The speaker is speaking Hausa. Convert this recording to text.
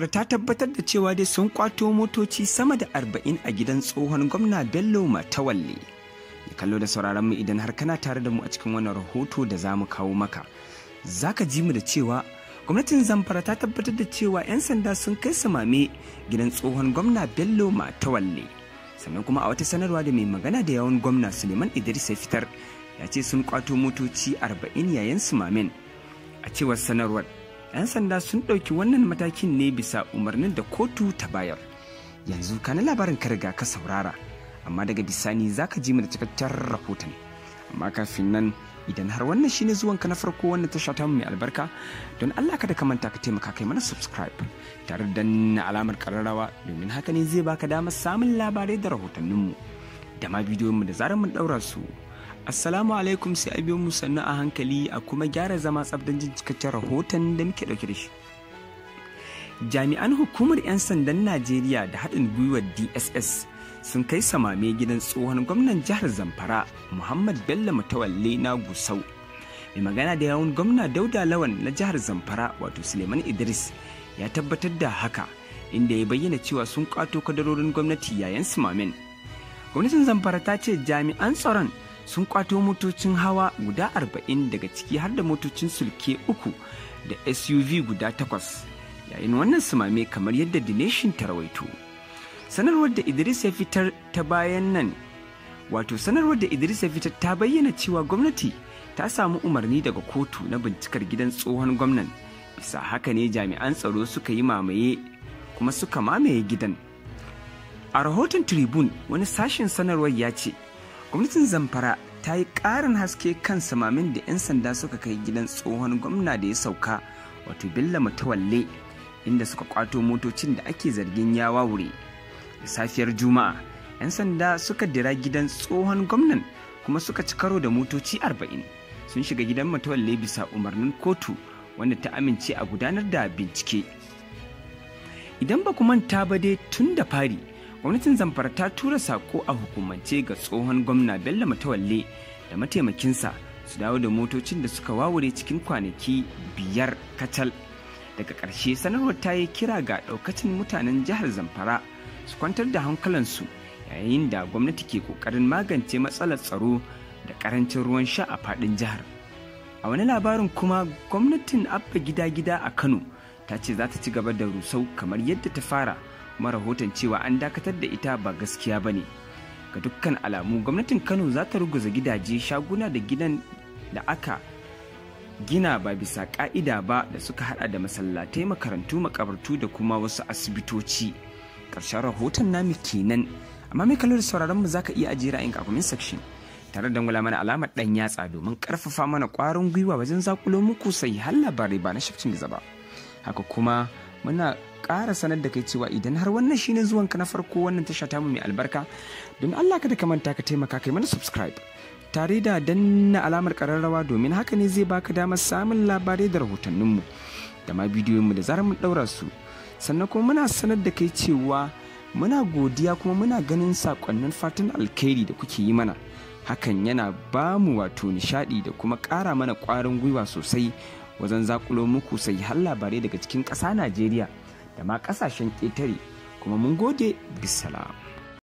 kafar ta tabbatar da cewa dai sun kwato motoci sama da arba'in a gidan tsohon gwamna bello matawalle ya kallo da sauraron mu idan har kana tare da mu a cikin wannan rahoto da za mu kawo maka za ka ji mu da cewa gwamnatin zamfara ta tabbatar da cewa 'yan sanda sun kai samame gidan tsohon gwamna bello matawalle sannan kuma a wata sanarwa da mai magana da yawon gwamna suleiman idris ya fitar ya ce sun kwato motoci 40 yayin sumamin a cewar sanarwar 'yan sanda sun ɗauki wannan matakin ne bisa umarnin da kotu ta bayar yanzu ka na labarin ka riga ka saurara amma daga bisani za ka ji mu da cikakken rahoton amma kafin nan idan har wannan shine zuwanka na farko wannan tasha ta mai albarka don Allah ka da ka manta ka taimaka kai mana subscribe tare da danna alamar kararrawa domin haka ne zai baka damar samun labarai da rahotanninmu da ma bidiyon mu da zarar mun daura su Assalamu alaikum sai abin biyo mu sannu a hankali a kuma gyara zama tsabdan jin cikakken rahoton da muke dauke da shi. Jami'an hukumar 'yan sandan Najeriya da haɗin gwiwar DSS sun kai samame gidan tsohon gwamnan jihar Zamfara Muhammad Bello Mutawalle na Gusau. Mai magana da yawun gwamna Dauda Lawan na jihar Zamfara wato Suleiman Idris ya tabbatar da haka inda ya bayyana cewa sun kwato kadarorin gwamnati yayin samamen. Gwamnatin Zamfara ta ce jami'an tsaron sun kwato motocin hawa guda arba'in daga ciki har da motocin sulke uku da suv guda takwas yayin wannan sumame kamar yadda dineshin ta rawaito sanarwar da idris ya fitar ta bayan nan wato sanarwar da idris ya fitar ta bayyana cewa gwamnati ta samu umarni daga kotu na bincikar gidan tsohon gwamnan bisa haka ne jami'an tsaro suka yi mamaye kuma suka mamaye gidan a rahoton tribune wani sashen sanarwar ya ce gwamnatin zamfara ta yi ƙarin haske kan samamin da 'yan sanda suka kai gidan tsohon gwamna da ya sauka wato billa mutawalle inda suka kwato motocin da ake zargin ya wawure da safiyar juma'a 'yan sanda suka dira gidan tsohon gwamnan kuma suka ci karo da motoci 40 sun shiga gidan mutawalle bisa umarnin kotu wanda ta amince a gudanar da bincike idan ba ku manta ba dai tun da fari gwamnatin zamfara ta tura sako a hukumance ga tsohon gwamna bello matawalle da mataimakinsa su dawo da motocin da suka wawure cikin kwanaki biyar kacal daga ƙarshe sanarwar ta yi kira ga ɗaukacin mutanen jihar zamfara su kwantar da hankalansu yayin da gwamnati ke ƙoƙarin magance matsalar tsaro da ƙarancin ruwan sha a faɗin jihar a wani labarin kuma gwamnatin abba gida-gida a kano ta ce za ta ci gaba da rusau kamar yadda ta fara kuma rahoton cewa an dakatar da ita ba gaskiya ba ne ga dukkan alamu gwamnatin kano za ta ruguza gidaje shaguna da gidan da aka gina ba bisa ka'ida ba da suka hada da masallatai makarantu makabartu da kuma wasu asibitoci ƙarshen rahoton namu kenan amma mai kalo da sauraron mu zaka iya ajiye ra'ayinka a comment section tare da dangula mana alamar dan yatsa domin karfafa mana kwarin gwiwa wajen zakulo muku sai har labarai ba na shafcin giza ba haka kuma muna ƙara sanar da kai cewa idan har wannan shine zuwanka na farko wannan tasha tamu mai albarka don Allah kada ka manta ka taimaka kai mana subscribe tare da danna alamar kararrawa domin haka ne zai baka damar samun labarai da rahotanninmu da ma mu da zarar mun daura su sannan kuma muna sanar da kai cewa muna godiya kuma muna ganin sakonnin fatan alkhairi da kuke yi mana hakan yana ba mu wato nishadi da kuma ƙara mana ƙwarin gwiwa sosai wajen zakulo muku sai har labarai daga cikin ƙasa Najeriya da ma ƙasashen ƙetare kuma mun gode bisalam.